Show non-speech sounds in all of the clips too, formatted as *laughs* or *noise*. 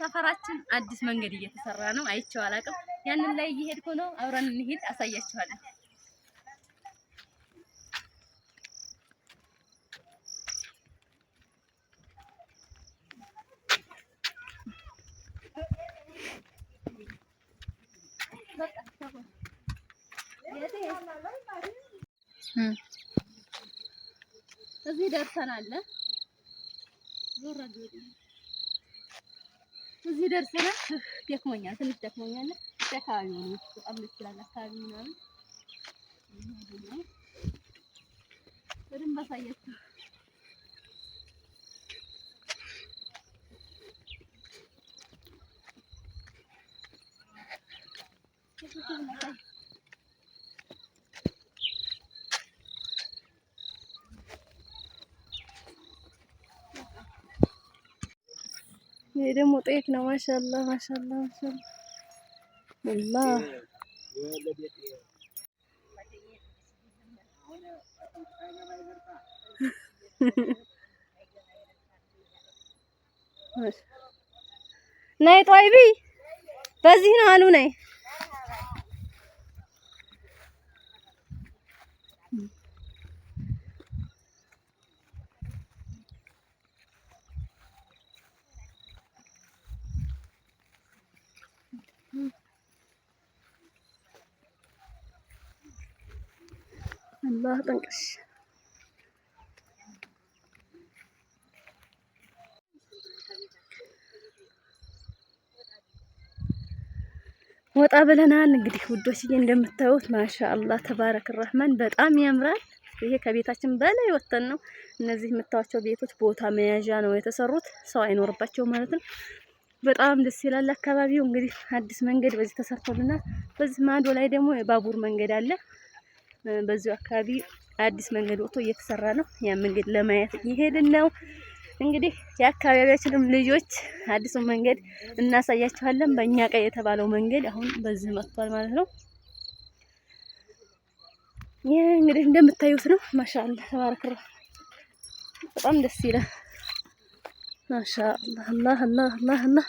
ሰፈራችን አዲስ መንገድ እየተሰራ ነው። አይቼው አላውቅም። ያንን ላይ እየሄድኩ ነው። አብረን እንሂድ፣ አሳያችኋለሁ። እዚህ ደርሰናል። እዚህ ደርሰናል። ደክሞኛል፣ ትንሽ ደክሞኛል። አካባቢ በጣም ደስ ይላል። አካባቢ ምናምን በደንብ አሳያችሁ። ይሄ ደግሞ ጤፍ ነው። ማሻላ ማሻላ ማሻላ ወላ ነይ *laughs* ጧይቢ በዚህ ነው አሉ ነይ አላህ ጠንቅሽ ወጣ ብለናል። እንግዲህ ውዶችዬ እንደምታዩት ማሻአላህ ተባረክ ረህማን በጣም ያምራል። ይሄ ከቤታችን በላይ ወተን ነው። እነዚህ የምታዩቸው ቤቶች ቦታ መያዣ ነው የተሰሩት፣ ሰው አይኖርባቸው ማለት ነው። በጣም ደስ ይላል አካባቢው። እንግዲህ አዲስ መንገድ በዚህ ተሰርቶልናል። በዚህ ማዶ ላይ ደግሞ የባቡር መንገድ አለ። በዚሁ አካባቢ አዲስ መንገድ ወጥቶ እየተሰራ ነው። ያ መንገድ ለማየት እየሄድን ነው። እንግዲህ የአካባቢያችንም ልጆች አዲሱን መንገድ እናሳያችኋለን። በእኛ ቀይ የተባለው መንገድ አሁን በዚህ መጥቷል ማለት ነው። ይህ እንግዲህ እንደምታዩት ነው። ማሻአላ ተባረከ። በጣም ደስ ይላል። ማሻአላ አላህ አላህ አላህ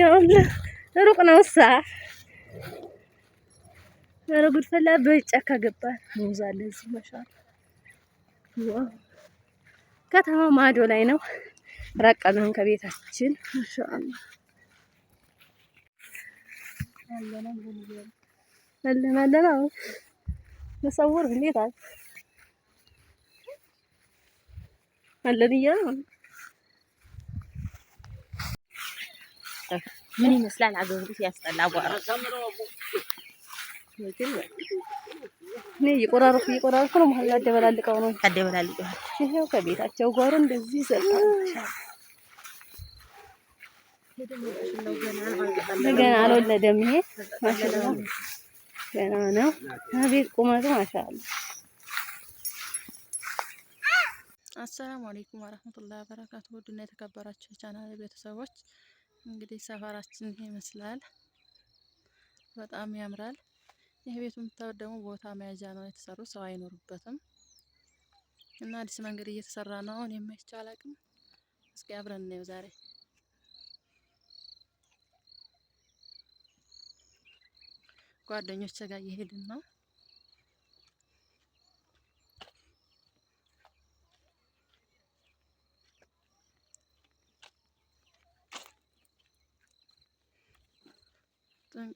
ያውልህ ሩቅ ነው እሳ ኧረ ጉድ ፈላ። በጫካ ገባን። ሙዝ አለ እዚህ መሻል ከተማው ማዶ ላይ ነው። ራቅ ብለን ከቤታችን ማሻአላ ለለለ መሰውር እንዴት አለን እያለ ምን ይመስላል? አገርቤት ያስጠላ አቧራ እኔ እየቆራረኩ እየቆራረኩ ነው መሀል ያደበላልቀው ነው ያደበላልቀው። ይሄው ከቤታቸው ጓሮ እንደዚህ ይዘልቃል። ገና አልወለደም። ይሄ ማሻአላ ገና ነው። አቤት ቁመቱ ማሻአላ። አሰላሙ አለይኩም ወራህመቱላሂ ወበረካቱሁ። ውድና የተከበራችሁ የቻናል ቤተሰቦች እንግዲህ ሰፈራችን ይመስላል። በጣም ያምራል። ይህ ቤቱ የምታዩት ደግሞ ቦታ መያዣ ነው የተሰሩ ሰው አይኖሩበትም እና አዲስ መንገድ እየተሰራ ነው። አሁን የማይቻል አላቅም። እስኪ አብረን እናየው ዛሬ ጓደኞች ጋር እየሄድን ነው።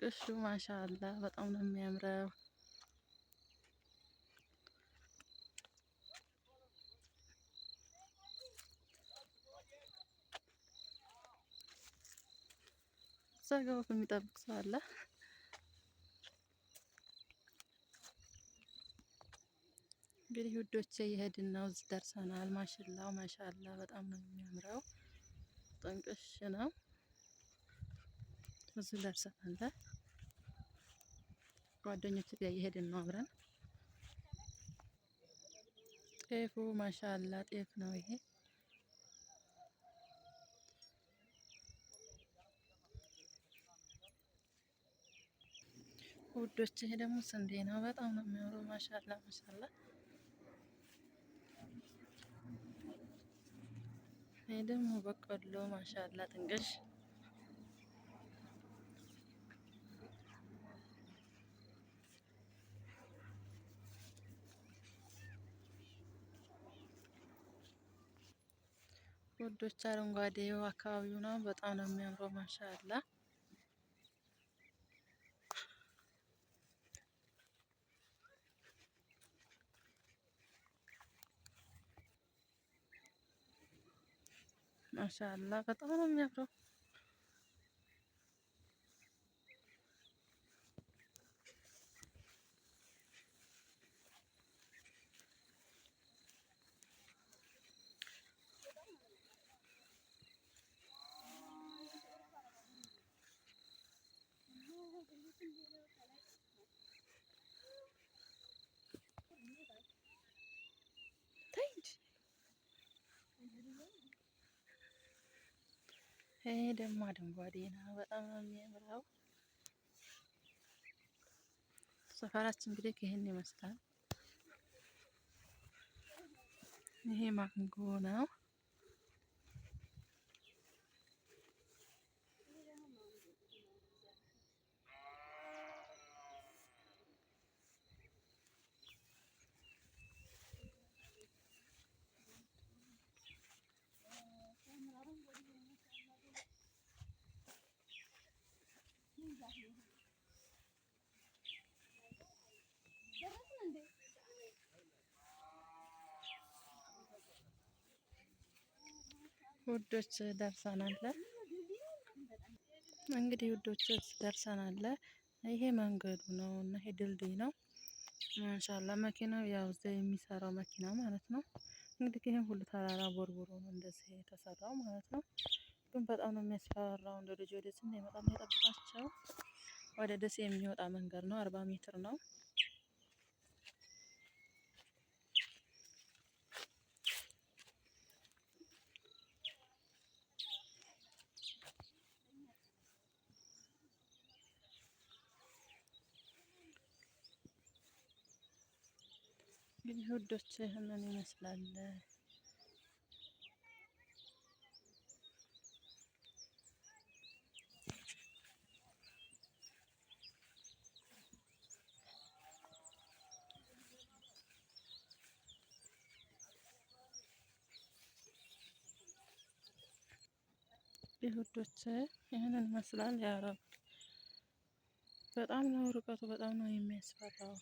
እሺ ማሻአላ በጣም ነው የሚያምረው። እዛ ገባ የሚጠብቅ ሰው አለ። እንግዲህ ውዶቼ እየሄድን ነው፣ እዚህ ደርሰናል። ማሽላው ማሻላ በጣም ነው የሚያምረው። ጥንቅሽ ነው። እዙ ደርሰናል። ጓደኞች ጋር እየሄድን ነው አብረን። ጤፉ ማሻላ ጤፍ ነው ይሄ። ውዶች ይሄ ደግሞ ስንዴ ነው። በጣም ነው የሚያምረው። ማሻላ ማሻላ። ይሄ ደግሞ በቆሎ ማሻላ ጥንቅሽ ውዶች አረንጓዴው አካባቢው ነው። በጣም ነው የሚያምረው። ማሻአላ ማሻአላ በጣም ነው የሚያምረው። ይሄ ደግሞ አረንጓዴ ነው፣ በጣም ነው የሚያምረው። ሰፈራችን እንግዲህ ይህን ይመስላል። ይሄ ማንጎ ነው። ውዶች ደርሰናል። እንግዲህ ውዶች ደርሰናል። ይሄ መንገዱ ነው እና ይሄ ድልድይ ነው። ማሻላ መኪናው ያው እዛ የሚሰራው መኪና ማለት ነው። እንግዲህ ይሄን ሁሉ ተራራ ቦርቦሮ ነው እንደዚህ የተሰራው ማለት ነው። ግን በጣም ነው የሚያስፈራው። እንደ ልጅ ወደ ስና በጣም የጠብቃቸው ወደ ደሴ የሚወጣ መንገድ ነው። አርባ ሜትር ነው። እንግዲህ ውዶች ይህንን ይመስላል። ውዶች ይህንን ይመስላል። ያረብ በጣም ነው ርቀቱ፣ በጣም ነው የሚያስፈራው።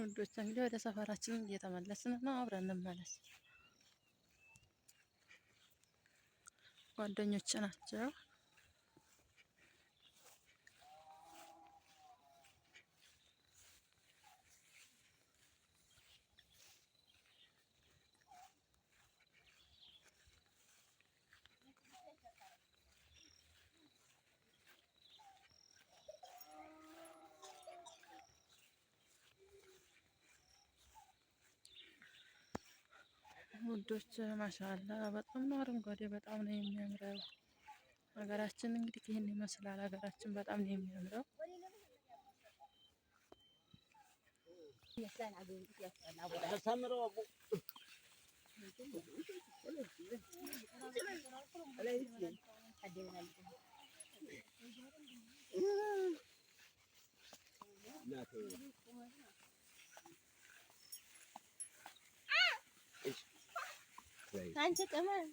ውዶች እንግዲህ ወደ ሰፈራችን እየተመለስን ነው። አብረን እንመለስ። ጓደኞች ናቸው። ውዶች ማሻላ በጣም ነው አረንጓዴ፣ በጣም ነው የሚያምረው። ሀገራችን እንግዲህ ይህን ይመስላል። ሀገራችን በጣም ነው የሚያምረው። አንቺ ቅመም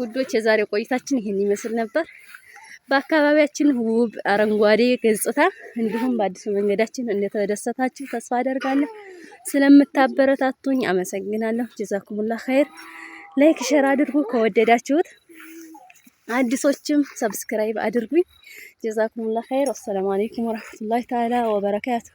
ውዶች የዛሬ ቆይታችን ይህን ይመስል ነበር። በአካባቢያችን ውብ አረንጓዴ ገጽታ እንዲሁም በአዲሱ መንገዳችን እንደተደሰታችሁ ተስፋ አደርጋለሁ። ስለምታበረታቱኝ አመሰግናለሁ። ጀዛኩሙላ ኸይር። ላይክ ሸር አድርጉ ከወደዳችሁት። አዲሶችም ሰብስክራይብ አድርጉኝ። جزاكم الله خير والسلام عليكم ورحمة الله تعالى وبركاته